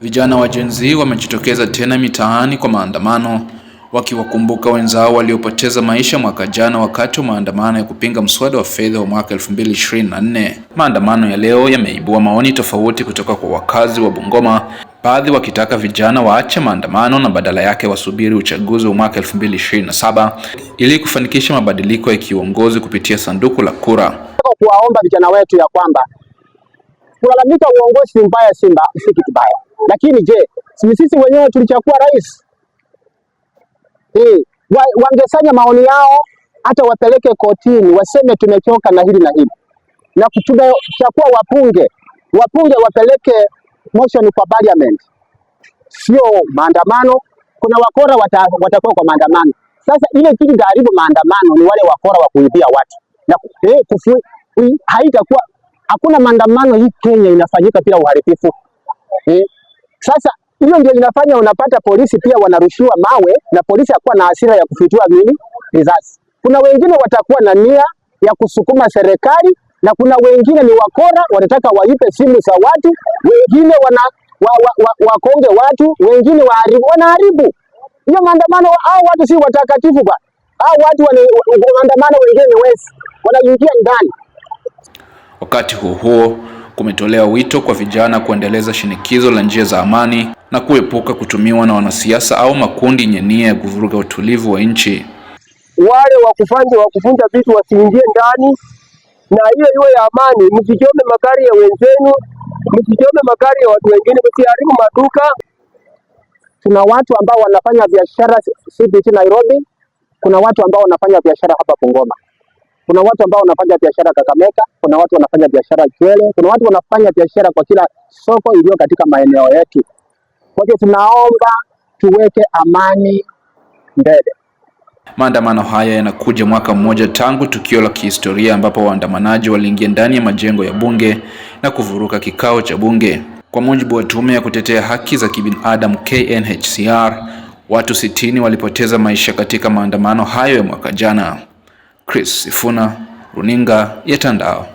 Vijana wa Gen Z wamejitokeza tena mitaani kwa maandamano wakiwakumbuka wenzao waliopoteza maisha mwaka jana wakati wa maandamano ya kupinga mswada wa fedha wa mwaka 2024. Maandamano ya leo yameibua maoni tofauti kutoka kwa wakazi wa Bungoma, baadhi wakitaka vijana waache maandamano na badala yake wasubiri uchaguzi wa mwaka 2027 ili kufanikisha mabadiliko ya kiuongozi kupitia sanduku la kura. Kuwaomba vijana wetu ya kwamba kulalamika uongozi mbaya Simba si kitu baya lakini je, sisi wenyewe tulichakua rais e? Wa, wangesanya maoni yao hata wapeleke kotini, waseme tumechoka na hili na hili, na tumechagua wapunge, wapunge wapeleke motion kwa parliament, sio maandamano. Kuna wakora watakuwa kwa maandamano. Sasa ile kitu garibu maandamano ni wale wakora wa kuibia watu na eh, kufu, haitakuwa hakuna maandamano hii Kenya inafanyika bila uharibifu eh. Sasa hiyo ndio inafanya unapata polisi pia wanarushiwa mawe na polisi hakuwa na hasira ya kufitua nini risasi. Kuna wengine watakuwa na nia ya kusukuma serikali na kuna wengine ni wakora, wanataka waipe simu za watu, wengine wana wa, wa, wa, wakonge watu, wengine waharibu, wanaharibu hiyo maandamano. Au watu si watakatifu ba? Au watu wana maandamano, wengine ni wezi, wanaingia ndani Wakati huo huo, kumetolewa wito kwa vijana kuendeleza shinikizo la njia za amani na kuepuka kutumiwa na wanasiasa au makundi yenye nia ya kuvuruga utulivu wa nchi. Wale wa kuvunja vitu wasiingie ndani, na hiyo iwe ya amani. Msichome magari ya wenzenu, msichome magari ya watu wengine, msiharibu maduka. Kuna watu ambao wanafanya biashara CBD Nairobi, kuna watu ambao wanafanya biashara hapa Bungoma. Kuna watu ambao wanafanya biashara Kakamega, kuna watu wanafanya biashara Chwele, kuna watu wanafanya biashara kwa kila soko iliyo katika maeneo yetu. Kwa hiyo tunaomba tuweke amani mbele. Maandamano haya yanakuja mwaka mmoja tangu tukio la kihistoria ambapo waandamanaji waliingia ndani ya majengo ya bunge na kuvuruka kikao cha bunge. Kwa mujibu wa tume ya kutetea haki za kibinadamu KNHCR, watu sitini walipoteza maisha katika maandamano hayo ya mwaka jana. Chris Ifuna, runinga ya Tandao.